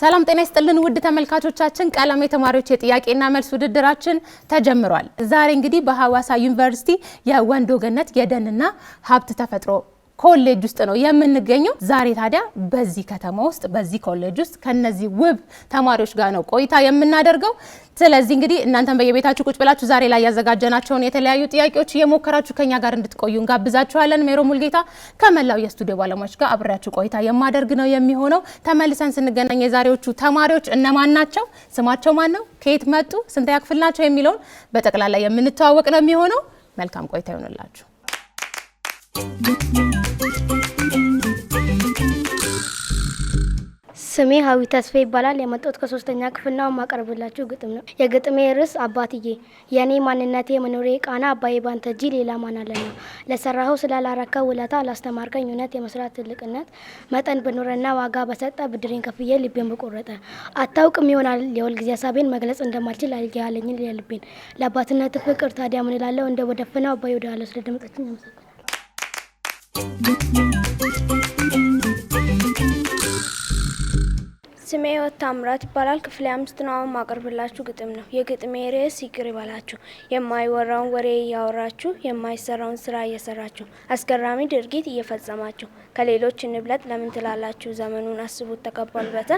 ሰላም ጤና ይስጥልን ውድ ተመልካቾቻችን፣ ቀለም የተማሪዎች የጥያቄና መልስ ውድድራችን ተጀምሯል። ዛሬ እንግዲህ በሐዋሳ ዩኒቨርሲቲ የወንዶ ገነት የደንና ሀብት ተፈጥሮ ኮሌጅ ውስጥ ነው የምንገኘው። ዛሬ ታዲያ በዚህ ከተማ ውስጥ በዚህ ኮሌጅ ውስጥ ከነዚህ ውብ ተማሪዎች ጋር ነው ቆይታ የምናደርገው። ስለዚህ እንግዲህ እናንተም በየቤታችሁ ቁጭ ብላችሁ ዛሬ ላይ ያዘጋጀናቸውን የተለያዩ ጥያቄዎች እየሞከራችሁ ከኛ ጋር እንድትቆዩ እንጋብዛችኋለን። ሜሮ ሙልጌታ ከመላው የስቱዲዮ ባለሙያዎች ጋር አብሬያችሁ ቆይታ የማደርግ ነው የሚሆነው። ተመልሰን ስንገናኝ የዛሬዎቹ ተማሪዎች እነማን ናቸው፣ ስማቸው ማን ነው፣ ከየት መጡ፣ ስንተኛ ክፍል ናቸው የሚለውን በጠቅላላ የምንተዋወቅ ነው የሚሆነው። መልካም ቆይታ ይሆንላችሁ። ስሜ ሀዊ ተስፋ ይባላል። የመጣሁት ከሶስተኛ ክፍል ነው። የማቀርብላችሁ ግጥም ነው። የግጥሜ ርዕስ አባትዬ። የእኔ ማንነቴ መኖሬ ቃና አባዬ ባንተ እጅ ሌላ ማን ነው። ለሰራኸው ስላላረከው ውለታ ላስተማርከኝ እውነት የመስራት ትልቅነት መጠን ብኖረና ዋጋ በሰጠ ብድሬን ከፍዬ ልቤን በቆረጠ አታውቅም ይሆናል የወል ጊዜ ሀሳቤን መግለጽ እንደማልችል አልያለኝ ልቤን ለአባትነት ፍቅር ታዲያ ምንላለው እንደ ወደፍነው አባይ ወደ አለ ስለደመጠችን ያመሰግናል። ስሜ ወታ አምራት ይባላል። ክፍሌ አምስት ነው። አሁን ማቀርብላችሁ ግጥም ነው። የግጥሜ ርዕስ ይቅር ይበላችሁ። የማይወራውን ወሬ እያወራችሁ፣ የማይሰራውን ስራ እየሰራችሁ፣ አስገራሚ ድርጊት እየፈጸማችሁ፣ ከሌሎች እንብለጥ ለምን ትላላችሁ? ዘመኑን አስቡት ተከቧልበተ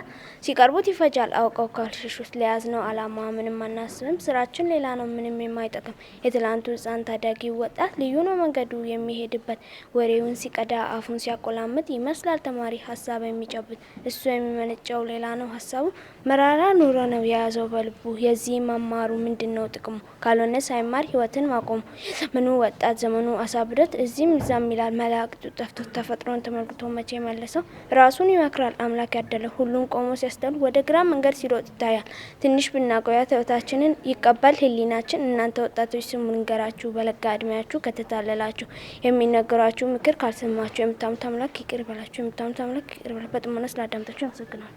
ሲቀርቡት ይፈጃል አውቀው ለያዝ ለያዝነው አላማ ምንም አናስብም፣ ስራችን ሌላ ነው ምንም የማይጠቅም። የትላንቱ ህፃን ታዳጊ ወጣት ልዩ ነው መንገዱ የሚሄድበት። ወሬውን ሲቀዳ አፉን ሲያቆላምጥ ይመስላል ተማሪ ሀሳብ የሚጨብጥ እሱ የሚመነጨው ሌላ ነው ሀሳቡ። መራራ ኑሮ ነው የያዘው በልቡ። የዚህ መማሩ ምንድን ነው ጥቅሙ? ካልሆነ ሳይማር ህይወትን ማቆሙ። የዘመኑ ወጣት ዘመኑ አሳ እዚህም እዛም ይላል። መላእክቱ ጠፍቶ ተፈጥሮን ተመልክቶ መቼ መለሰው? ራሱን ይመክራል አምላክ ያደለው። ሁሉም ቆሞ ሲያስተሉ ወደ ግራ መንገድ ሲሮጥ ይታያል። ትንሽ ብናቆያ ህይወታችንን ይቀባል ህሊናችን። እናንተ ወጣቶች ስሙ ንገራችሁ በለጋ እድሜያችሁ ከተታለላችሁ የሚነገሯችሁ ምክር ካልሰማችሁ የምታሙት አምላክ ይቅር በላችሁ። የምታሙት አምላክ ይቅር በላችሁ። በጥሞና ስላዳምጣችሁ አመሰግናለሁ።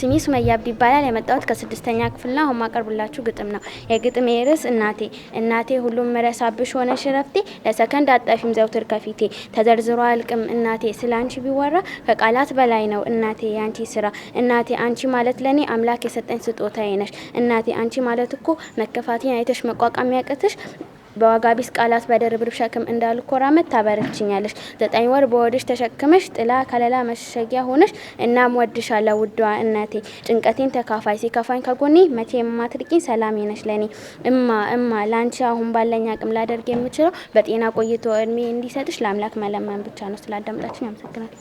ስሜ ሱመያ አብዲ ይባላል። የመጣሁት ከስድስተኛ ክፍል ነው። አሁን ማቀርብላችሁ ግጥም ነው። የግጥሜ ርዕስ እናቴ እናቴ ሁሉም መረሳብሽ ሆነ ሽረፍቴ ለሰከንድ አጣፊም ዘውትር ከፊቴ ተዘርዝሮ አልቅም እናቴ ስለ አንቺ ቢወራ ከቃላት በላይ ነው እናቴ የአንቺ ስራ እናቴ አንቺ ማለት ለእኔ አምላክ የሰጠኝ ስጦታዬ ነሽ እናቴ አንቺ ማለት እኮ መከፋቴን አይተሽ መቋቋም ያቅትሽ በዋጋ ቢስ ቃላት በድርብርብ ሸክም እንዳልኮራመት ታበረችኛለሽ። ዘጠኝ ወር በወድሽ ተሸክመሽ ጥላ ከለላ መሸጊያ ሆነሽ እናም ወድሻለሁ ውድዋ እናቴ ጭንቀቴን ተካፋይ ሲከፋኝ ከጎኔ መቼ የማትርቂኝ ሰላም ነሽ ለኔ እማ እማ ላንቺ አሁን ባለኝ አቅም ላደርግ የምችለው በጤና ቆይቶ እድሜ እንዲሰጥሽ ለአምላክ መለመን ብቻ ነው። ስላዳምጣችን ያመሰግናል።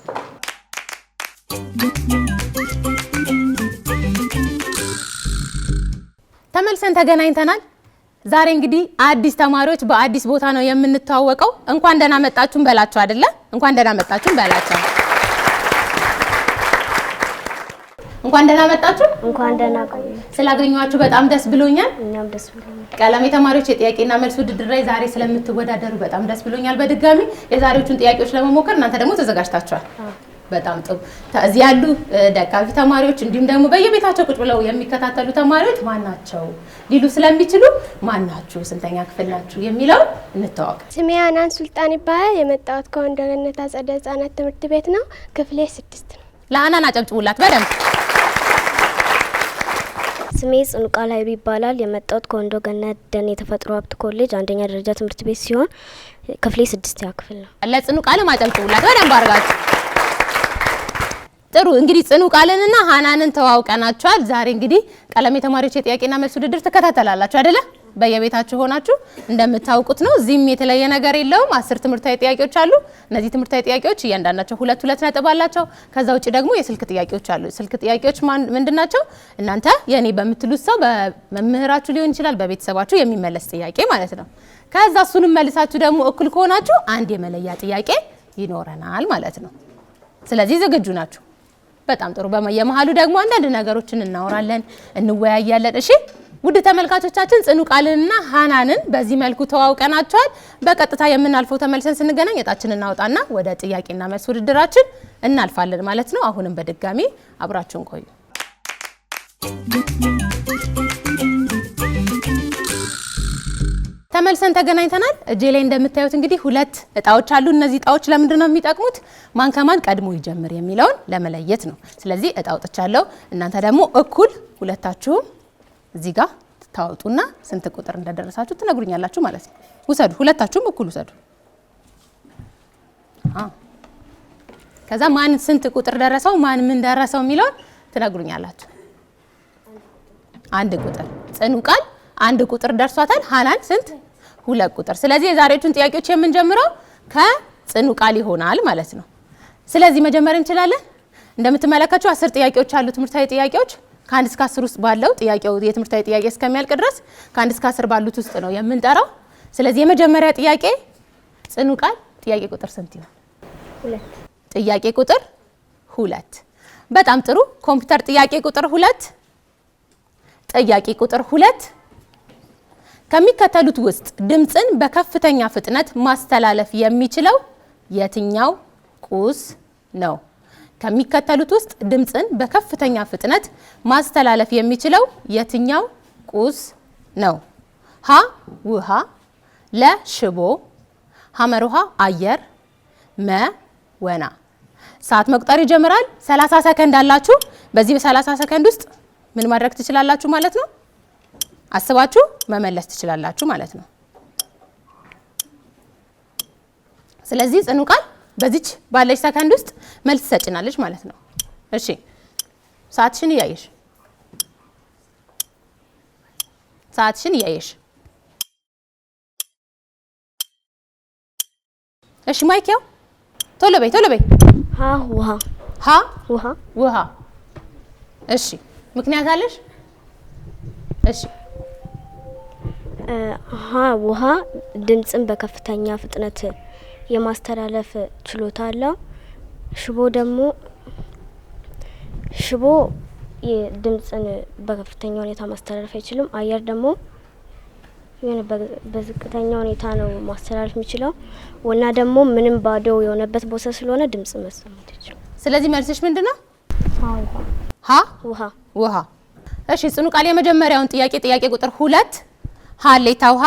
ተመልሰን ተገናኝተናል። ዛሬ እንግዲህ አዲስ ተማሪዎች በአዲስ ቦታ ነው የምንተዋወቀው። እንኳን ደህና መጣችሁን በላቸው አይደለ? እንኳን ደህና መጣችሁን በላቸው። እንኳን ደህና መጣችሁ። እንኳን ደህና ቆዩ። ስላገኘኋችሁ በጣም ደስ ብሎኛል። እኛም ደስ ብሎኛል። ቀለም የተማሪዎች የጥያቄና መልስ ውድድር ላይ ዛሬ ስለምትወዳደሩ በጣም ደስ ብሎኛል። በድጋሚ የዛሬዎቹን ጥያቄዎች ለመሞከር እናንተ ደግሞ ተዘጋጅታችኋል። በጣም ጥሩ። እዚህ ያሉ ደጋፊ ተማሪዎች እንዲሁም ደግሞ በየቤታቸው ቁጭ ብለው የሚከታተሉ ተማሪዎች ማናቸው ሊሉ ስለሚችሉ ናችሁ፣ ስንተኛ ክፍል ናችሁ የሚለው እንተዋወቅ። ስሜ አናን ሱልጣን ይባላል። የመጣሁት ከወንደገነት አጸደ ህጻናት ትምህርት ቤት ነው። ክፍሌ ስድስት ነው። ለአናን አጨብጭቡላት በደንብ። ስሜ ጽኑቃ ላይ ይባላል። የመጣሁት ከወንዶ ገነት ደን የተፈጥሮ ሀብት ኮሌጅ አንደኛ ደረጃ ትምህርት ቤት ሲሆን ክፍሌ ስድስተኛ ክፍል ነው። ለጽኑቃ ለማጨብጭቡላት በደንብ አድርጋችሁ ጥሩ እንግዲህ ጽኑ ቃልንና ሀናንን ተዋውቀናቸዋል። ዛሬ እንግዲህ ቀለም የተማሪዎች የጥያቄና መልስ ውድድር ትከታተላላችሁ አይደለ? በየቤታችሁ ሆናችሁ እንደምታውቁት ነው። እዚህም የተለየ ነገር የለውም። አስር ትምህርታዊ ጥያቄዎች አሉ። እነዚህ ትምህርታዊ ጥያቄዎች እያንዳንዳቸው ሁለት ሁለት ነጥብ አላቸው። ከዛ ውጭ ደግሞ የስልክ ጥያቄዎች አሉ። ስልክ ጥያቄዎች ምንድን ናቸው? እናንተ የእኔ በምትሉት ሰው በመምህራችሁ ሊሆን ይችላል፣ በቤተሰባችሁ የሚመለስ ጥያቄ ማለት ነው። ከዛ እሱንም መልሳችሁ ደግሞ እኩል ከሆናችሁ አንድ የመለያ ጥያቄ ይኖረናል ማለት ነው። ስለዚህ ዝግጁ ናችሁ? በጣም ጥሩ። የመሀሉ ደግሞ አንዳንድ ነገሮችን እናወራለን፣ እንወያያለን። እሺ ውድ ተመልካቾቻችን ጽኑ ቃልንና ሀናንን በዚህ መልኩ ተዋውቀናቸዋል። በቀጥታ የምናልፈው ተመልሰን ስንገናኝ እጣችን እናውጣና ወደ ጥያቄና መልስ ውድድራችን እናልፋለን ማለት ነው። አሁንም በድጋሚ አብራችሁን ቆዩ። ተመልሰን ተገናኝተናል። እጄ ላይ እንደምታዩት እንግዲህ ሁለት እጣዎች አሉ። እነዚህ እጣዎች ለምንድን ነው የሚጠቅሙት? ማን ከማን ቀድሞ ይጀምር የሚለውን ለመለየት ነው። ስለዚህ እጣ አውጥቻለሁ። እናንተ ደግሞ እኩል ሁለታችሁም እዚህ ጋር ታወጡና ስንት ቁጥር እንደደረሳችሁ ትነግሩኛላችሁ ማለት ነው። ውሰዱ፣ ሁለታችሁም እኩል ውሰዱ። ከዛ ማን ስንት ቁጥር ደረሰው፣ ማን ምን ደረሰው የሚለውን ትነግሩኛላችሁ። አንድ ቁጥር ጽኑ ቃል አንድ ቁጥር ደርሷታል። ሀናን ስንት ሁለት ቁጥር። ስለዚህ የዛሬዎቹን ጥያቄዎች የምንጀምረው ከጽኑ ቃል ይሆናል ማለት ነው። ስለዚህ መጀመር እንችላለን። እንደምትመለከቱ አስር ጥያቄዎች አሉ፣ ትምህርታዊ ጥያቄዎች ከአንድ እስከ አስር ውስጥ ባለው ጥያቄው የትምህርታዊ ጥያቄ እስከሚያልቅ ድረስ ከአንድ እስከ አስር ባሉት ውስጥ ነው የምንጠራው። ስለዚህ የመጀመሪያ ጥያቄ ጽኑ ቃል ጥያቄ ቁጥር ስንት ይሆን? ጥያቄ ቁጥር ሁለት። በጣም ጥሩ። ኮምፒውተር ጥያቄ ቁጥር ሁለት ጥያቄ ቁጥር ሁለት ከሚከተሉት ውስጥ ድምፅን በከፍተኛ ፍጥነት ማስተላለፍ የሚችለው የትኛው ቁስ ነው? ከሚከተሉት ውስጥ ድምፅን በከፍተኛ ፍጥነት ማስተላለፍ የሚችለው የትኛው ቁስ ነው? ሀ ውሃ፣ ለ ሽቦ፣ ውሃ አየር፣ መ ወና። ሰዓት መቁጠር ይጀምራል። 30 ሰከንድ አላችሁ። በዚህ በ30 ሰከንድ ውስጥ ምን ማድረግ ትችላላችሁ ማለት ነው? አስባችሁ መመለስ ትችላላችሁ ማለት ነው። ስለዚህ ጽኑ ቃል በዚች ባለች ሰከንድ ውስጥ መልስ ትሰጭናለች ማለት ነው። እሺ ሰዓትሽን እያየሽ ሰዓትሽን እያየሽ እሺ ማይክ ያው ቶሎ በይ ቶሎ በይ። ሀ ውሃ ሀ ውሃ ውሃ። እሺ ምክንያት አለሽ? እሺ ሀ ውሃ ድምጽን በከፍተኛ ፍጥነት የማስተላለፍ ችሎታ አለው። ሽቦ ደግሞ ሽቦ ድምጽን በከፍተኛ ሁኔታ ማስተላለፍ አይችልም። አየር ደግሞ የሆነ በዝቅተኛ ሁኔታ ነው ማስተላለፍ የሚችለው ወና ደግሞ ምንም ባዶ የሆነበት ቦታ ስለሆነ ድምጽ መሰማት ይችላል። ስለዚህ መልስሽ ምንድን ነው? ሀ ውሃ ውሃ። እሺ ጽኑ ቃል የመጀመሪያውን ጥያቄ ጥያቄ ቁጥር ሁለት ሀሌታ ውሃ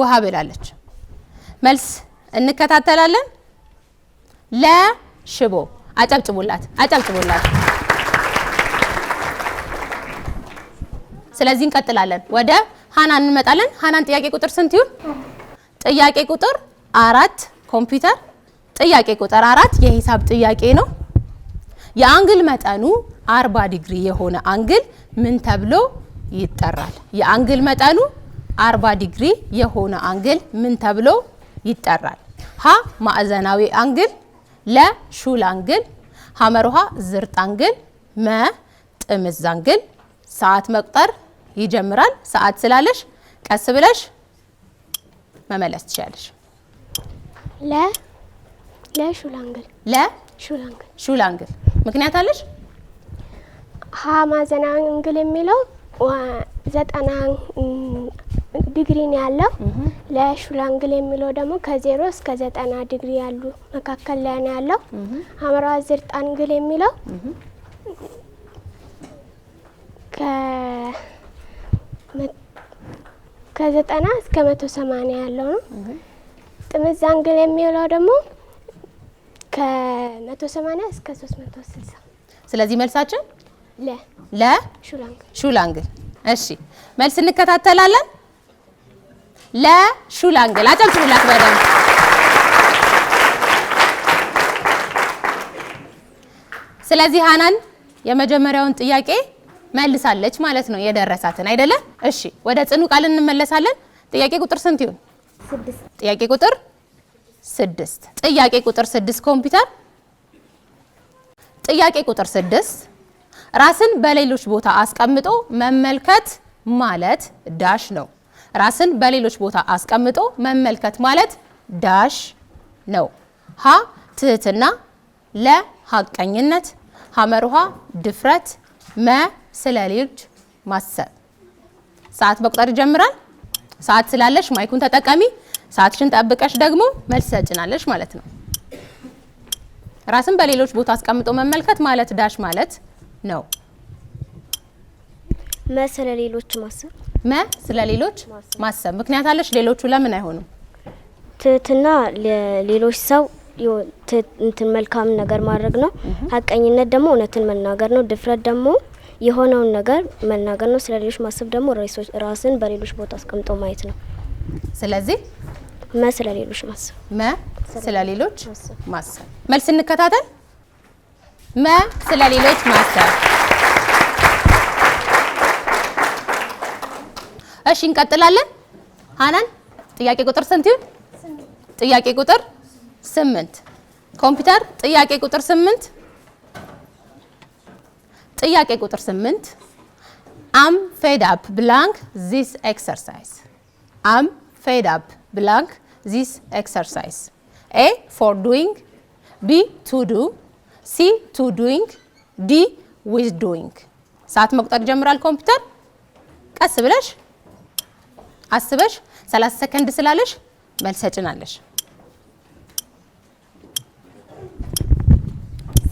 ውሃ ብላለች። መልስ እንከታተላለን። ለሽቦ አጨብጭቡላት፣ አጨብጭቡላት። ስለዚህ እንቀጥላለን። ወደ ሀና እንመጣለን። ሀናን ጥያቄ ቁጥር ስንት ይሁን? ጥያቄ ቁጥር አራት ኮምፒውተር ጥያቄ ቁጥር አራት የሂሳብ ጥያቄ ነው። የአንግል መጠኑ አርባ ዲግሪ የሆነ አንግል ምን ተብሎ ይጠራል? የአንግል መጠኑ 40 ዲግሪ የሆነ አንግል ምን ተብሎ ይጠራል? ሀ ማዕዘናዊ አንግል፣ ለ ሹል አንግል፣ ሐመርሃ ዝርጥ አንግል፣ መ ጥምዝ አንግል። ሰዓት መቁጠር ይጀምራል። ሰዓት ስላለሽ ቀስ ብለሽ መመለስ ትችላለሽ። ለ ለ ሹል አንግል፣ ለ ሹል አንግል፣ ሹል አንግል። ምክንያት አለሽ? ሀ ማዕዘናዊ አንግል የሚለው ዘጠና ዲግሪን ያለው። ለሹላንግል የሚለው ደግሞ ከዜሮ እስከ ዘጠና ዲግሪ ያሉ መካከል ላይ ነው ያለው። ሀመራ ዝርጣንግል የሚለው ከዘጠና እስከ መቶ ሰማኒያ ያለው ነው። ጥምዛንግል የሚለው ደግሞ ከመቶ ሰማኒያ እስከ ሶስት መቶ ስልሳ ስለዚህ መልሳችን ለ ለ ሹላንግል። እሺ መልስ እንከታተላለን። ለሹላንግል አጨብጭቡላት በደንብ። ስለዚህ ሀናን የመጀመሪያውን ጥያቄ መልሳለች ማለት ነው የደረሳትን አይደለ? እሺ ወደ ጽኑ ቃል እንመለሳለን። ጥያቄ ቁጥር ስንት ይሁን? ጥያቄ ቁጥር ስድስት ጥያቄ ቁጥር ስድስት ኮምፒውተር ጥያቄ ቁጥር ስድስት ራስን በሌሎች ቦታ አስቀምጦ መመልከት ማለት ዳሽ ነው። ራስን በሌሎች ቦታ አስቀምጦ መመልከት ማለት ዳሽ ነው። ሀ ትህትና፣ ለ ሀቀኝነት፣ ሐመርሃ ድፍረት፣ መ ስለ ልጅ ማሰብ። ሰዓት በቁጥር ይጀምራል። ሰዓት ስላለሽ ማይኩን ተጠቀሚ። ሰዓትሽን ጠብቀሽ ደግሞ መልስ ሰጭናለሽ ማለት ነው። ራስን በሌሎች ቦታ አስቀምጦ መመልከት ማለት ዳሽ ማለት ነው። መ ስለ ሌሎች ማሰብ መ ስለ ሌሎች ማሰብ ምክንያት አለሽ። ሌሎቹ ለምን አይሆኑም? ትህትና ለሌሎች ሰው እንትን መልካም ነገር ማድረግ ነው። ሀቀኝነት ደግሞ እውነትን መናገር ነው። ድፍረት ደግሞ የሆነውን ነገር መናገር ነው። ስለ ሌሎች ማሰብ ደግሞ ራስን በሌሎች ቦታ አስቀምጦ ማየት ነው። ስለዚህ መ ስለ ሌሎች ማሰብ መ ስለ ሌሎች ማሰብ። መልስ እንከታተል። መ ስለ ሌሎች ማሰብ እሺ እንቀጥላለን። ሀናን ጥያቄ ቁጥር ስንት ይሁን? ጥያቄ ቁጥር ስምንት ኮምፒውተር ጥያቄ ቁጥር ስምንት ጥያቄ ቁጥር ስምንት አም ፌድ አፕ ብላንክ ዚስ ኤክሰርሳይዝ አም ፌድ አፕ ብላንክ ዚስ ኤክሰርሳይዝ ኤ ፎር ዱዊንግ ቢ ቱ ዱ ሲ ቱ ዱዊንግ ዲ ዊዝ ዱዊንግ ሰዓት መቁጠር ይጀምራል ኮምፒውተር ቀስ ብለሽ አስበሽ 30 ሰከንድ ስላለሽ መልስ ሰጭናለሽ።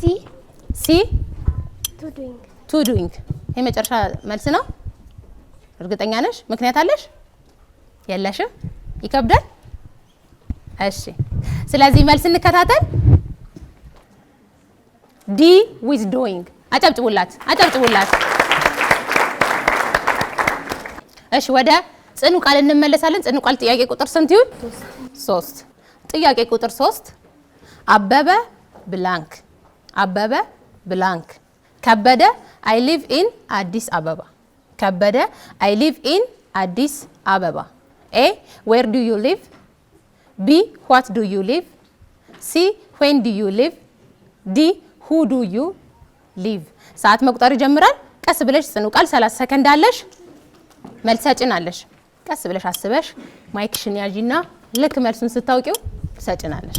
ሲ ሲ ቱ ዱንግ ቱ ዱዊንግ የመጨረሻ መልስ ነው። እርግጠኛ ነሽ? ምክንያት አለሽ? የለሽም? ይከብዳል። እሺ፣ ስለዚህ መልስ እንከታተል። ዲ ዊዝ ዱንግ። አጨብጭቡላት፣ አጨብጭቡላት። እሺ ወደ ጽኑ ቃል እንመለሳለን። ጽኑ ቃል ጥያቄ ቁጥር ስንት ይሁን? ሶስት ጥያቄ ቁጥር ሶስት አበበ ብላንክ አበበ ብላንክ ከበደ አይ ሊቭ ኢን አዲስ አበባ ከበደ አይ ሊቭ ኢን አዲስ አበባ ኤ ዌር ዱ ዩ ሊቭ ቢ ዋት ዱ ዩ ሊቭ ሲ ዌን ዱ ዩ ሊቭ ዲ ሁ ዱ ዩ ሊቭ ሰዓት መቁጠር ይጀምራል። ቀስ ብለሽ ጽኑ ቃል 30 ሰከንድ አለሽ። መልስ አለሽ። ቀስ ብለሽ አስበሽ ማይክሽን ያዥና ልክ መልሱን ስታውቂው ትሰጭናለሽ።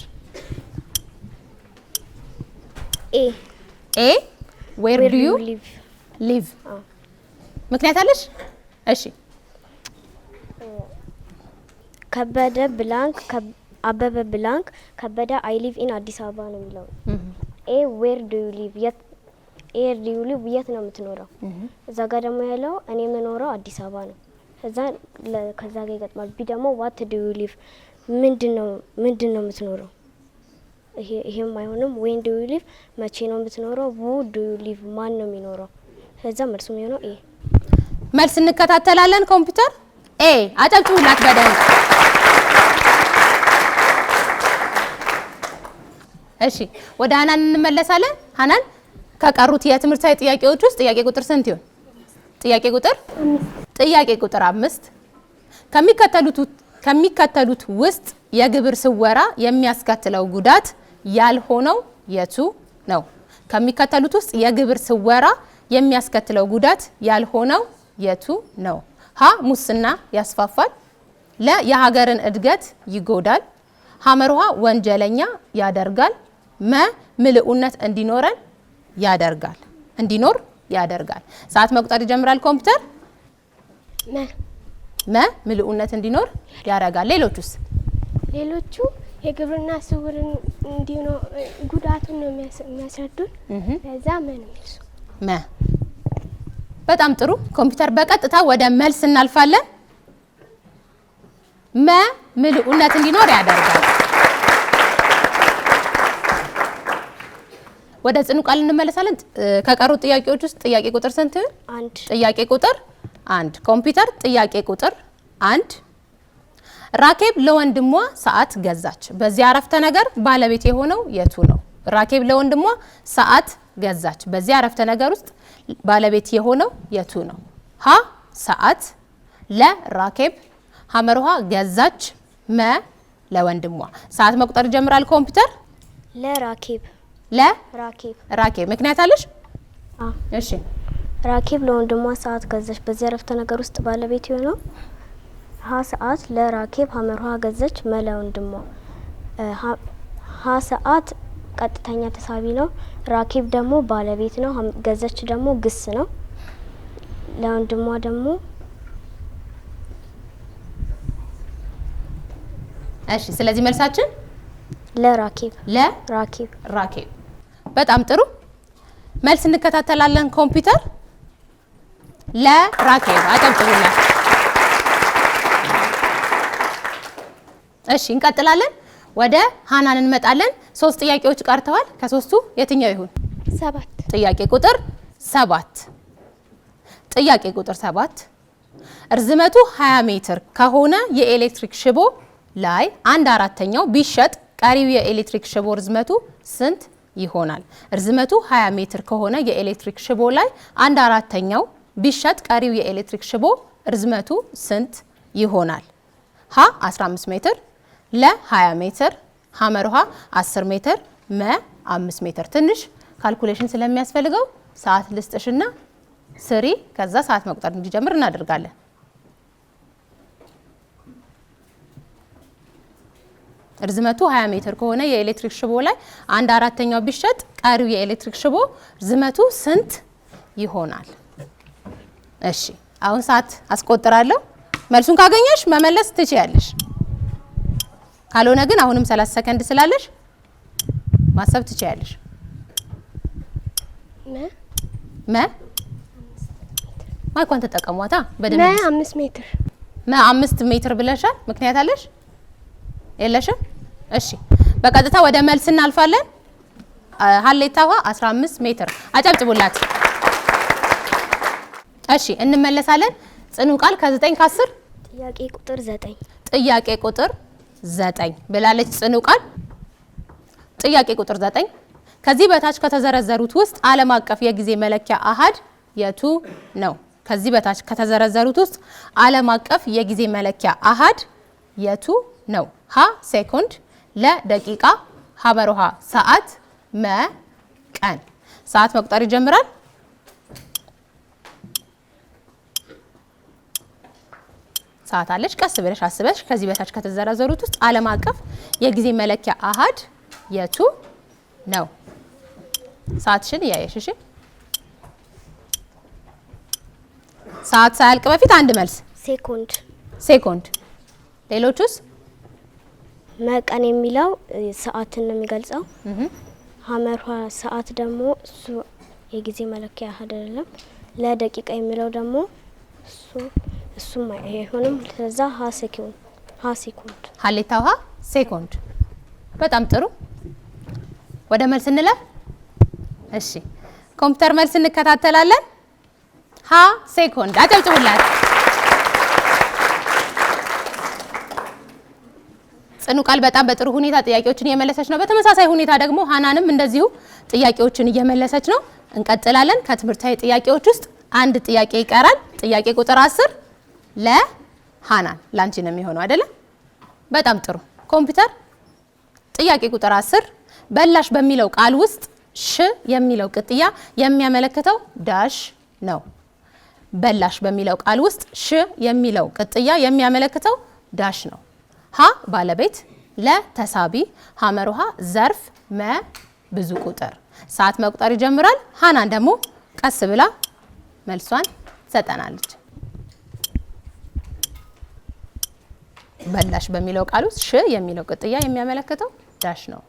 ኤ ኤ ዌር ዱ ዩ ሊቭ ምክንያት አለሽ? እሺ ከበደ ብላንክ አበበ ብላንክ ከበደ አይ ሊቭ ኢን አዲስ አበባ ነው የሚለው። ኤ ዌር ዱ ዩ ሊቭ የት ዱ ዩ ሊቭ የት ነው የምትኖረው? እዛ ጋር ደግሞ ያለው እኔ የምኖረው አዲስ አበባ ነው ከዛ ከዛ ጋር ይገጥማል። ቢ ደግሞ ዋት ዱ ዩ ሊቭ ምንድን ነው ምንድን ነው የምትኖረው? ይሄም አይሆንም። ዌን ዱ ዩ ሊቭ መቼ ነው የምትኖረው? ዉ ዱ ዩ ሊቭ ማን ነው የሚኖረው? ከዛ መልሱ የሚሆነው ኤ። መልስ እንከታተላለን። ኮምፒውተር ኤ። አጨብጭቡላት በደንብ። እሺ ወደ ሀናን እንመለሳለን። ሀናን ከቀሩት የትምህርታዊ ጥያቄዎች ውስጥ ጥያቄ ቁጥር ስንት ይሆን? ጥያቄ ቁጥር ጥያቄ ቁጥር አምስት ከሚከተሉት ውስጥ የግብር ስወራ የሚያስከትለው ጉዳት ያልሆነው የቱ ነው? ከሚከተሉት ውስጥ የግብር ስወራ የሚያስከትለው ጉዳት ያልሆነው የቱ ነው? ሀ ሙስና ያስፋፋል፣ ለ የሀገርን እድገት ይጎዳል፣ ሐመርሃ ወንጀለኛ ያደርጋል፣ መ ምልኡነት እንዲኖረን ያደርጋል እንዲኖር ያደርጋል። ሰዓት መቁጠር ይጀምራል ኮምፒውተር መ ምልኡነት እንዲኖር ያደርጋል። ሌሎቹስ? ሌሎቹ የግብርና ስውር እንዲኖር ጉዳቱን ነው የሚያስረዱን። ከዛ ምን መ በጣም ጥሩ ኮምፒውተር፣ በቀጥታ ወደ መልስ እናልፋለን። መ ምልኡነት እንዲኖር ያደርጋል። ወደ ጽኑ ቃል እንመለሳለን። ከቀሩት ጥያቄዎች ውስጥ ጥያቄ ቁጥር ስንት? አንድ ጥያቄ ቁጥር አንድ ኮምፒውተር ጥያቄ ቁጥር አንድ ራኬብ ለወንድሟ ሰዓት ገዛች። በዚህ አረፍተ ነገር ባለቤት የሆነው የቱ ነው? ራኬብ ለወንድሟ ሰዓት ገዛች። በዚህ አረፍተ ነገር ውስጥ ባለቤት የሆነው የቱ ነው? ሀ ሰዓት፣ ለ ራኬብ፣ ሀመርሃ ገዛች፣ መ ለወንድሟ። ሰዓት መቁጠር ይጀምራል ኮምፒውተር። ለራኬብ ለራኬብ ራኬብ ምክንያት አለሽ? እሺ ራኬብ ለወንድሟ ሰዓት ገዛች። በዚህ አረፍተ ነገር ውስጥ ባለቤት የሆነው ሀ ሰዓት ለራኬብ ሀመርሃ ገዘች መለ ወንድሟ ሀ ሰዓት ቀጥተኛ ተሳቢ ነው። ራኬብ ደግሞ ባለቤት ነው። ገዘች ደግሞ ግስ ነው። ለወንድሟ ደግሞ እሺ። ስለዚህ መልሳችን ለራኬብ ለራኬብ ራኬብ። በጣም ጥሩ መልስ እንከታተላለን ኮምፒውተር ለራኬብ አጨብጭቡላት። እሺ እንቀጥላለን። ወደ ሀናን እንመጣለን። ሶስት ጥያቄዎች ቀርተዋል። ከሶስቱ የትኛው ይሁን? ሰባት ጥያቄ ቁጥር ሰባት ጥያቄ ቁጥር ሰባት እርዝመቱ 20 ሜትር ከሆነ የኤሌክትሪክ ሽቦ ላይ አንድ አራተኛው ቢሸጥ ቀሪው የኤሌክትሪክ ሽቦ ርዝመቱ ስንት ይሆናል? እርዝመቱ 20 ሜትር ከሆነ የኤሌክትሪክ ሽቦ ላይ አንድ አራተኛው ቢሸጥ ቀሪው የኤሌክትሪክ ሽቦ ርዝመቱ ስንት ይሆናል? ሀ 15 ሜትር፣ ለ 20 ሜትር፣ ሐመርሃ 10 ሜትር፣ መ 5 ሜትር። ትንሽ ካልኩሌሽን ስለሚያስፈልገው ሰዓት ልስጥሽና ስሪ፣ ከዛ ሰዓት መቁጠር እንዲጀምር እናደርጋለን። ርዝመቱ 20 ሜትር ከሆነ የኤሌክትሪክ ሽቦ ላይ አንድ አራተኛው ቢሸጥ ቀሪው የኤሌክትሪክ ሽቦ ርዝመቱ ስንት ይሆናል? እሺ አሁን ሰዓት አስቆጥራለሁ። መልሱን ካገኘሽ መመለስ ትችያለሽ። ካልሆነ ግን አሁንም 30 ሰከንድ ስላለሽ ማሰብ ትችያለሽ። መ ማይኳን ተጠቀሟታ በደንብ መ አምስት ሜትር መ አምስት ሜትር ብለሻል። ምክንያት አለሽ የለሽም? እሺ በቀጥታ ወደ መልስ እናልፋለን። ሀሌታ ውሃ 15 ሜትር አጨብጭቡላት። እሺ እንመለሳለን። ጽኑ ቃል ከ9 ከ10 ጥያቄ ቁጥር 9 ጥያቄ ቁጥር 9 ብላለች ጽኑ ቃል። ጥያቄ ቁጥር 9 ከዚህ በታች ከተዘረዘሩት ውስጥ ዓለም አቀፍ የጊዜ መለኪያ አሃድ የቱ ነው? ከዚህ በታች ከተዘረዘሩት ውስጥ ዓለም አቀፍ የጊዜ መለኪያ አሃድ የቱ ነው? ሀ ሴኮንድ፣ ለ ደቂቃ፣ ሐ በሮሃ ሰዓት፣ መ ቀን። ሰዓት መቁጠር ይጀምራል። ታያታለች። ቀስ ብለሽ አስበሽ ከዚህ በታች ከተዘረዘሩት ውስጥ ዓለም አቀፍ የጊዜ መለኪያ አሃድ የቱ ነው? ሰዓትሽን እያየሽ እሺ። ሰዓት ሳያልቅ በፊት አንድ መልስ። ሴኮንድ ሴኮንድ። ሌሎቹስ መቀን የሚለው ሰዓትን ነው የሚገልጸው። ሀመርኋ ሰዓት ደግሞ እሱ የጊዜ መለኪያ አሃድ አይደለም። ለደቂቃ የሚለው ደግሞ እሱ እሱም አይሆንም። ለዛ ሀ ሴኮንድ ሀ ሴኮንድ ሀሌታው ሀ ሴኮንድ። በጣም ጥሩ። ወደ መልስ እንለፍ። እሺ ኮምፒውተር መልስ እንከታተላለን። ሀ ሴኮንድ አጨብጭቡላት። ጽኑ ቃል በጣም በጥሩ ሁኔታ ጥያቄዎችን እየመለሰች ነው። በተመሳሳይ ሁኔታ ደግሞ ሀናንም እንደዚሁ ጥያቄዎችን እየመለሰች ነው። እንቀጥላለን። ከትምህርታዊ ጥያቄዎች ውስጥ አንድ ጥያቄ ይቀራል። ጥያቄ ቁጥር አስር ለሃናን ላንቺ ነው የሚሆነው አይደለ? በጣም ጥሩ ኮምፒውተር ጥያቄ ቁጥር አስር በላሽ በሚለው ቃል ውስጥ ሽ የሚለው ቅጥያ የሚያመለክተው ዳሽ ነው። በላሽ በሚለው ቃል ውስጥ ሽ የሚለው ቅጥያ የሚያመለክተው ዳሽ ነው። ሀ ባለቤት፣ ለ ተሳቢ፣ ሐመር ዘርፍ፣ መ ብዙ ቁጥር። ሰዓት መቁጠር ይጀምራል። ሃናን ደግሞ ቀስ ብላ መልሷን ትሰጠናለች። በላሽ በሚለው ቃል ውስጥ ሽ የሚለው ቅጥያ የሚያመለክተው ዳሽ ነው።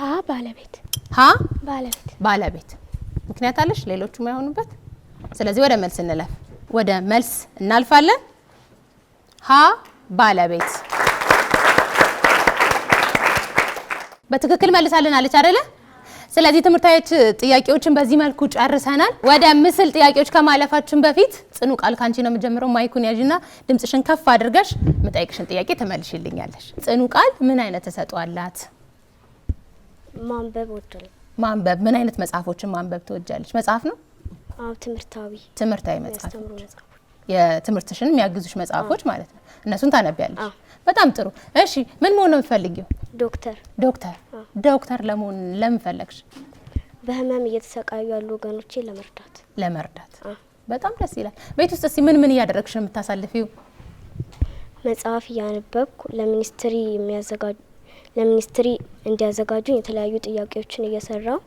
ሀ ባለቤት፣ ሀ ባለቤት፣ ባለቤት። ምክንያት አለሽ ሌሎቹ የማይሆኑበት። ስለዚህ ወደ መልስ እንለፍ፣ ወደ መልስ እናልፋለን። ሀ ባለቤት በትክክል መልሳለን አለች አይደለ? ስለዚህ ትምህርታዊ ጥያቄዎችን በዚህ መልኩ ጨርሰናል። ወደ ምስል ጥያቄዎች ከማለፋችን በፊት ጽኑ ቃል ካንቺ ነው የምጀምረው። ማይኩን ያዥና ድምጽሽን ከፍ አድርገሽ የምጠይቅሽን ጥያቄ ትመልሽልኛለሽ። ጽኑ ቃል ምን አይነት ተሰጥኦ አላት? ማንበብ ማንበብ ምን አይነት መጽሐፎችን ማንበብ ትወጃለሽ? መጽሐፍ ነው? አዎ፣ ትምህርታዊ ትምህርታዊ መጽሐፎች፣ የትምህርትሽን የሚያግዙሽ መጽሐፎች ማለት ነው። እነሱን ታነቢያለሽ? በጣም ጥሩ። እሺ ምን መሆን ነው የምትፈልጊው? ዶክተር። ዶክተር ዶክተር ለመሆን ለምን ፈለግሽ? በህመም እየተሰቃዩ ያሉ ወገኖቼ ለመርዳት ለመርዳት። በጣም ደስ ይላል። ቤት ውስጥ እስቲ ምን ምን እያደረግሽ ነው የምታሳልፊው? መጽሐፍ እያነበብኩ ለሚኒስትሪ የሚያዘጋጁ ለሚኒስትሪ እንዲያዘጋጁ የተለያዩ ጥያቄዎችን እየሰራው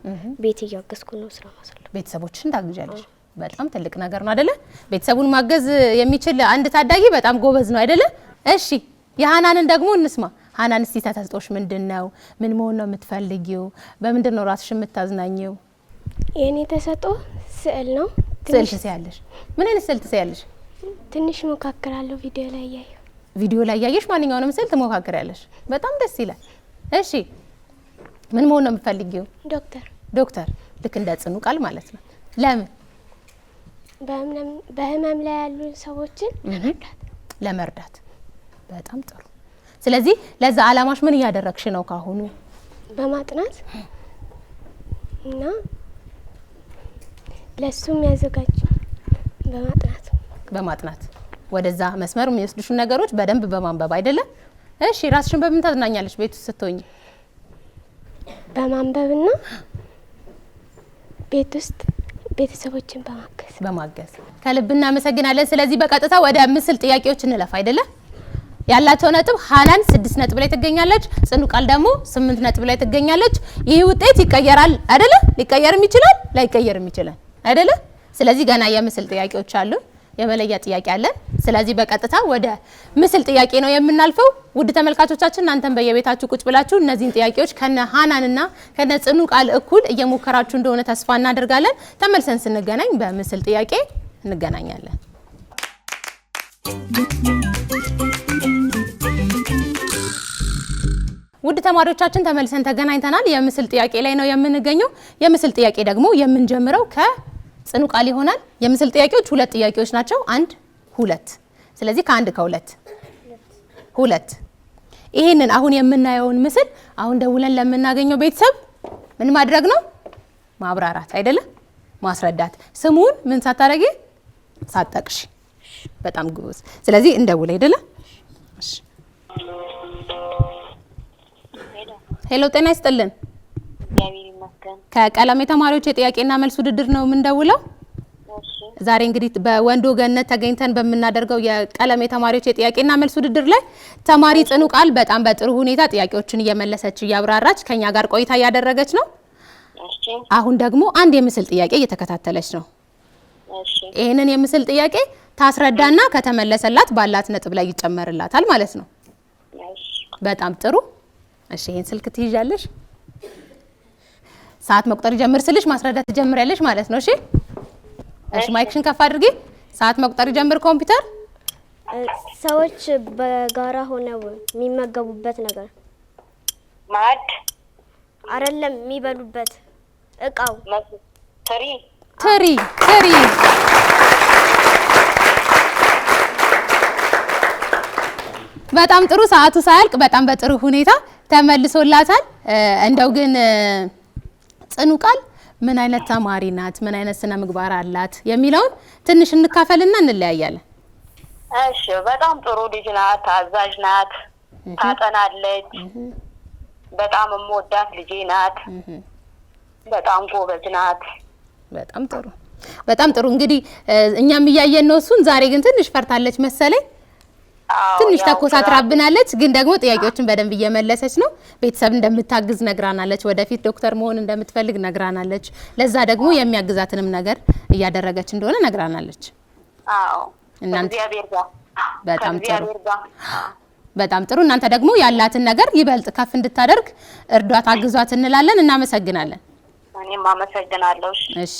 ቤት እያገዝኩ ነው ስራ ማሳለፍ። ቤተሰቦችን ታግዣለሽ? በጣም ትልቅ ነገር ነው አይደለ? ቤተሰቡን ማገዝ የሚችል አንድ ታዳጊ በጣም ጎበዝ ነው አይደለ? እሺ የሀናንን ደግሞ እንስማ። ሀናን እስቲ ተሰጥኦሽ ምንድን ነው? ምን መሆን ነው የምትፈልጊው? በምንድን ነው ራስሽ የምታዝናኘው? የእኔ ተሰጥኦ ስዕል ነው። ስዕል ትስያለሽ? ምን አይነት ስዕል ትስያለሽ? ትንሽ ሞካክራለሁ። ቪዲዮ ላይ እያየሁ ቪዲዮ ላይ እያየሽ ማንኛውንም ስዕል ትሞካክሪያለሽ። በጣም ደስ ይላል። እሺ ምን መሆን ነው የምትፈልጊው? ዶክተር። ዶክተር ልክ እንደ ጽኑ ቃል ማለት ነው። ለምን? በህመም ላይ ያሉ ሰዎችን ለመርዳት ለመርዳት በጣም ጥሩ። ስለዚህ ለዛ አላማሽ ምን እያደረግሽ ነው? ካሁኑ በማጥናት እና ለሱ የሚያዘጋጅ በማጥናት በማጥናት ወደዛ መስመር የሚወስዱሽ ነገሮች በደንብ በማንበብ አይደለም? እሺ፣ ራስሽን በምን ታዝናኛለሽ ቤት ውስጥ ስትሆኝ? በማንበብና ቤት ውስጥ ቤተሰቦችን በማገዝ በማገዝ። ከልብ እናመሰግናለን። ስለዚህ በቀጥታ ወደ ምስል ጥያቄዎች እንለፍ አይደለም? ያላቸው ነጥብ ሀናን ስድስት ነጥብ ላይ ትገኛለች። ጽኑ ቃል ደግሞ ስምንት ነጥብ ላይ ትገኛለች። ይህ ውጤት ይቀየራል አይደለ? ሊቀየርም ይችላል ላይቀየርም ይችላል አይደለ? ስለዚህ ገና የምስል ጥያቄዎች አሉ፣ የመለያ ጥያቄ አለን። ስለዚህ በቀጥታ ወደ ምስል ጥያቄ ነው የምናልፈው። ውድ ተመልካቾቻችን እናንተም በየቤታችሁ ቁጭ ብላችሁ እነዚህን ጥያቄዎች ከነ ሀናንና ከነ ጽኑ ቃል እኩል እየሞከራችሁ እንደሆነ ተስፋ እናደርጋለን። ተመልሰን ስንገናኝ በምስል ጥያቄ እንገናኛለን። ውድ ተማሪዎቻችን ተመልሰን ተገናኝተናል። የምስል ጥያቄ ላይ ነው የምንገኘው። የምስል ጥያቄ ደግሞ የምንጀምረው ከጽኑ ቃል ይሆናል። የምስል ጥያቄዎች ሁለት ጥያቄዎች ናቸው። አንድ ሁለት። ስለዚህ ከአንድ ከሁለት ሁለት። ይህንን አሁን የምናየውን ምስል አሁን ደውለን ለምናገኘው ቤተሰብ ምን ማድረግ ነው? ማብራራት አይደለም፣ ማስረዳት። ስሙን ምን ሳታረጊ ሳጠቅሽ። በጣም ግቡዝ። ስለዚህ እንደውል አይደለም። ሄሎ፣ ጤና ይስጥልን። ከቀለም የተማሪዎች የጥያቄና መልስ ውድድር ነው የምንደውለው። ዛሬ እንግዲህ በወንዶ ገነት ተገኝተን በምናደርገው የቀለም የተማሪዎች የጥያቄና መልስ ውድድር ላይ ተማሪ ጽኑ ቃል በጣም በጥሩ ሁኔታ ጥያቄዎችን እየመለሰች እያብራራች ከኛ ጋር ቆይታ እያደረገች ነው። አሁን ደግሞ አንድ የምስል ጥያቄ እየተከታተለች ነው። ይህንን የምስል ጥያቄ ታስረዳና ከተመለሰላት ባላት ነጥብ ላይ ይጨመርላታል ማለት ነው። በጣም ጥሩ እሺ ይሄን ስልክ ትይዣለሽ። ሰዓት መቁጠር ጀምር ስልሽ ማስረዳት ትጀምሪያለሽ ማለት ነው። እሺ እሺ፣ ማይክሽን ከፍ አድርጊ። ሰዓት መቁጠር ጀምር ኮምፒውተር። ሰዎች በጋራ ሆነው የሚመገቡበት ነገር ማድ አይደለም፣ የሚበሉበት እቃው ትሪ ትሪ ትሪ። በጣም ጥሩ። ሰዓቱ ሳያልቅ በጣም በጥሩ ሁኔታ ተመልሶላታል። እንደው ግን ጽኑ ቃል ምን አይነት ተማሪ ናት፣ ምን አይነት ስነ ምግባር አላት የሚለውን ትንሽ እንካፈልና እንለያያለን። እሺ፣ በጣም ጥሩ ልጅ ናት፣ ታዛዥ ናት፣ ታጠናለች። በጣም የምወዳት ልጄ ናት። በጣም ጎበዝ ናት። በጣም ጥሩ፣ በጣም ጥሩ። እንግዲህ እኛም እያየን ነው እሱን። ዛሬ ግን ትንሽ ፈርታለች መሰለኝ ትንሽ ተኮሳትራብናለች፣ ግን ደግሞ ጥያቄዎችን በደንብ እየመለሰች ነው። ቤተሰብ እንደምታግዝ ነግራናለች። ወደፊት ዶክተር መሆን እንደምትፈልግ ነግራናለች። ለዛ ደግሞ የሚያግዛትንም ነገር እያደረገች እንደሆነ ነግራናለች። እናንተ በጣም ጥሩ በጣም ጥሩ። እናንተ ደግሞ ያላትን ነገር ይበልጥ ከፍ እንድታደርግ እርዷት፣ አግዟት እንላለን። እናመሰግናለን። እኔም አመሰግናለሁ። እሺ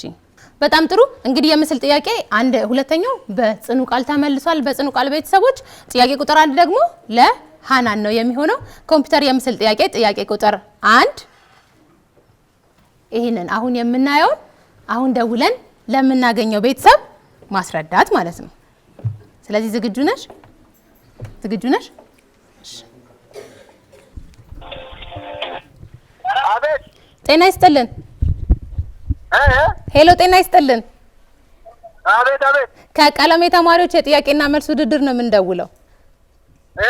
በጣም ጥሩ እንግዲህ የምስል ጥያቄ አንድ ሁለተኛው በጽኑ ቃል ተመልሷል። በጽኑ ቃል ቤተሰቦች ጥያቄ ቁጥር አንድ ደግሞ ለሃናን ነው የሚሆነው። ኮምፒውተር የምስል ጥያቄ ጥያቄ ቁጥር አንድ ይህንን አሁን የምናየውን አሁን ደውለን ለምናገኘው ቤተሰብ ማስረዳት ማለት ነው። ስለዚህ ዝግጁ ነሽ? ዝግጁ ነሽ? ጤና ይስጥልን። ሄሎ፣ ጤና ይስጥልን። አቤት፣ አቤት። ከቀለሜ ተማሪዎች የጥያቄና መልስ ውድድር ነው የምንደውለው።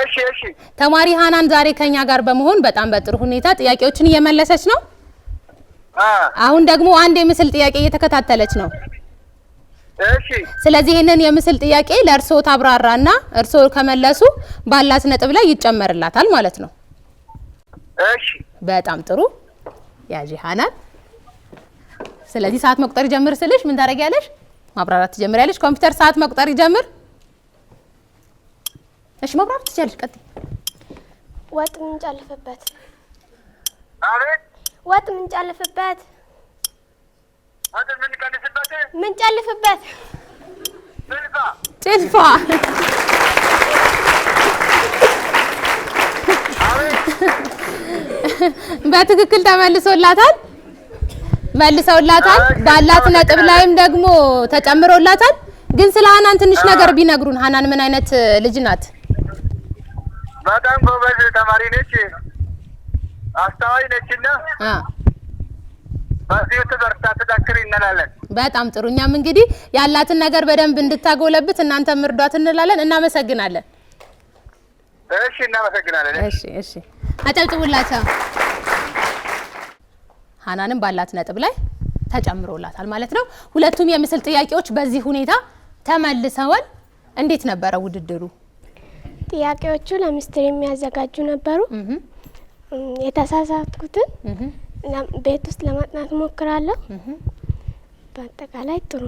እሺ፣ እሺ። ተማሪ ሀናን ዛሬ ከኛ ጋር በመሆን በጣም በጥሩ ሁኔታ ጥያቄዎችን እየመለሰች ነው። አሁን ደግሞ አንድ የምስል ጥያቄ እየተከታተለች ነው። እሺ። ስለዚህ ይህንን የምስል ጥያቄ ለእርሶ ታብራራና እርሶ ከመለሱ ባላት ነጥብ ላይ ይጨመርላታል ማለት ነው። እሺ። በጣም ጥሩ ያጂ ሀናን ስለዚህ ሰዓት መቁጠር ጀምር ስልሽ ምን ታደርጊያለሽ? ማብራራት ትጀምሪያለሽ። ኮምፒውተር ሰዓት መቁጠር ይጀምር። እሺ ማብራራት ትችያለሽ። ቀጥይ። ወጥ ምን ጨልፍበት? አቤት። ወጥ ምን ጨልፍበት? ወጥ ምን ጨልፍበት? ምን ጨልፍበት? ጭልፋ። ጭልፋ። በትክክል ተመልሶላታል። መልሰውላታል። ባላት ነጥብ ላይም ደግሞ ተጨምሮላታል። ግን ስለ ሀናን ትንሽ ነገር ቢነግሩን። ሀናን ምን አይነት ልጅ ናት? በጣም ጎበዝ ተማሪ ነች፣ አስተዋይ ነችና በዚሁ ትበርታ ትጠንክር እንላለን። በጣም ጥሩ። እኛም እንግዲህ ያላትን ነገር በደንብ እንድታጎለብት እናንተ ምርዷት እንላለን። እናመሰግናለን። እሺ፣ እናመሰግናለን። እሺ፣ እሺ። አጨብጭቡላቸው። ሀናንም ባላት ነጥብ ላይ ተጨምሮላታል ማለት ነው። ሁለቱም የምስል ጥያቄዎች በዚህ ሁኔታ ተመልሰዋል። እንዴት ነበረ ውድድሩ? ጥያቄዎቹ ለሚስትር የሚያዘጋጁ ነበሩ። የተሳሳትኩትን ቤት ውስጥ ለማጥናት ሞክራለሁ። በአጠቃላይ ጥሩ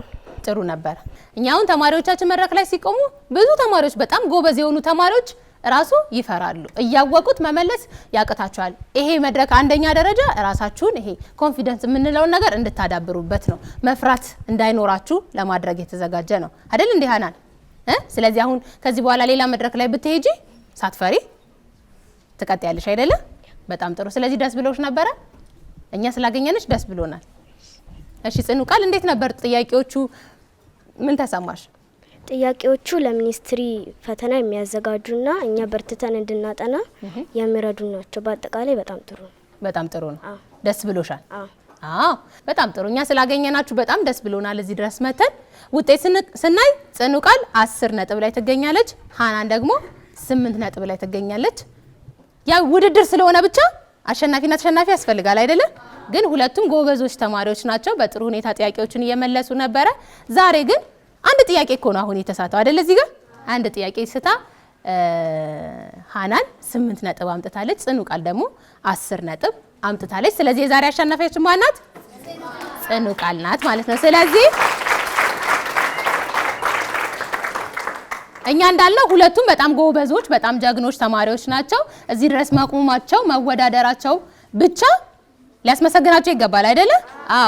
ጥሩ ነበረ። እኛ አሁን ተማሪዎቻችን መድረክ ላይ ሲቆሙ ብዙ ተማሪዎች፣ በጣም ጎበዝ የሆኑ ተማሪዎች ራሱ ይፈራሉ። እያወቁት መመለስ ያቅታቸዋል። ይሄ መድረክ አንደኛ ደረጃ ራሳችሁን ይሄ ኮንፊደንስ የምንለውን ነገር እንድታዳብሩበት ነው። መፍራት እንዳይኖራችሁ ለማድረግ የተዘጋጀ ነው አይደል? እንዲህ ስለዚህ አሁን ከዚህ በኋላ ሌላ መድረክ ላይ ብትሄጂ ሳትፈሪ ትቀጥያለሽ አይደለ? በጣም ጥሩ። ስለዚህ ደስ ብሎች ነበረ? እኛ ስላገኘንሽ ደስ ብሎናል። እሺ ጽኑ ቃል፣ እንዴት ነበር ጥያቄዎቹ? ምን ተሰማሽ? ጥያቄዎቹ ለሚኒስትሪ ፈተና የሚያዘጋጁና እኛ በርትተን እንድናጠና የሚረዱን ናቸው። በአጠቃላይ በጣም ጥሩ ነው። በጣም ጥሩ ነው። ደስ ብሎሻል? አዎ በጣም ጥሩ። እኛ ስላገኘናችሁ በጣም ደስ ብሎናል። እዚህ ድረስ መተን ውጤት ስናይ ጽኑ ቃል አስር ነጥብ ላይ ትገኛለች። ሀናን ደግሞ ስምንት ነጥብ ላይ ትገኛለች። ያ ውድድር ስለሆነ ብቻ አሸናፊና ተሸናፊ ያስፈልጋል አይደለም? ግን ሁለቱም ጎበዞች ተማሪዎች ናቸው። በጥሩ ሁኔታ ጥያቄዎችን እየመለሱ ነበረ። ዛሬ ግን አንድ ጥያቄ እኮ ነው አሁን የተሳተው አይደለ? እዚህ ጋር አንድ ጥያቄ ስታ ሀናን ስምንት ነጥብ አምጥታለች። ጽኑ ቃል ደግሞ አስር ነጥብ አምጥታለች። ስለዚህ የዛሬ አሸናፊዎች ማን ናት? ጽኑ ቃል ናት ማለት ነው። ስለዚህ እኛ እንዳልነው ሁለቱም በጣም ጎበዞች፣ በጣም ጀግኖች ተማሪዎች ናቸው። እዚህ ድረስ መቆማቸው መወዳደራቸው ብቻ ሊያስመሰግናቸው ይገባል አይደለ?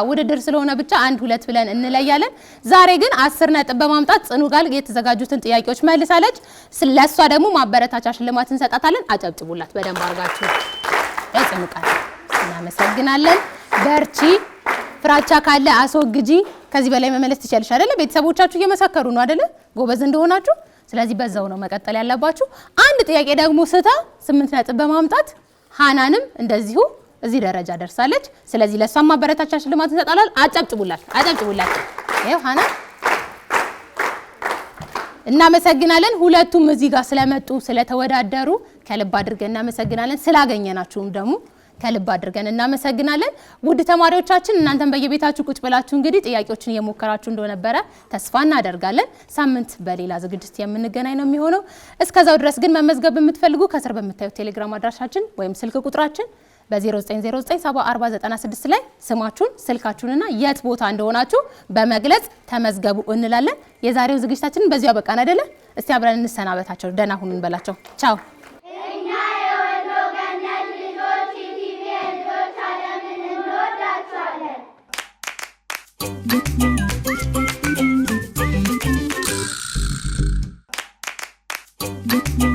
ውድድር ስለሆነ ብቻ አንድ ሁለት ብለን እንለያለን። ዛሬ ግን አስር ነጥብ በማምጣት ጽኑ ጋል የተዘጋጁትን ጥያቄዎች መልሳለች። ለእሷ ደግሞ ማበረታቻ ሽልማት እንሰጣታለን። አጨብጭቡላት በደንብ አድርጋችሁ። ጽኑ ቃል እናመሰግናለን። በርቺ። ፍራቻ ካለ አስወግጂ። ከዚህ በላይ መመለስ ትችያለሽ አይደለ? ቤተሰቦቻችሁ እየመሰከሩ ነው አይደለ? ጎበዝ እንደሆናችሁ። ስለዚህ በዛው ነው መቀጠል ያለባችሁ። አንድ ጥያቄ ደግሞ ስታ ስምንት ነጥብ በማምጣት ሀናንም እንደዚሁ እዚህ ደረጃ ደርሳለች። ስለዚህ ለእሷም ማበረታቻ ሽልማት እንሰጣለን። አጨብጭቡላት፣ አጨብጭቡላቸው። ይኸው ሀና እናመሰግናለን። ሁለቱም እዚህ ጋር ስለመጡ ስለተወዳደሩ ከልብ አድርገን እናመሰግናለን። ስላገኘናችሁም ደግሞ ከልብ አድርገን እናመሰግናለን። ውድ ተማሪዎቻችን እናንተም በየቤታችሁ ቁጭ ብላችሁ እንግዲህ ጥያቄዎችን እየሞከራችሁ እንደነበረ ተስፋ እናደርጋለን። ሳምንት በሌላ ዝግጅት የምንገናኝ ነው የሚሆነው። እስከዛው ድረስ ግን መመዝገብ የምትፈልጉ ከስር በምታዩት ቴሌግራም አድራሻችን ወይም ስልክ ቁጥራችን በ0909744996 ላይ ስማችሁን ስልካችሁንና የት ቦታ እንደሆናችሁ በመግለጽ ተመዝገቡ እንላለን። የዛሬው ዝግጅታችንን በዚሁ አበቃን አይደለ? እስቲ አብረን እንሰናበታቸው። ደህና ሁኑ እንበላቸው። ቻው Thank you.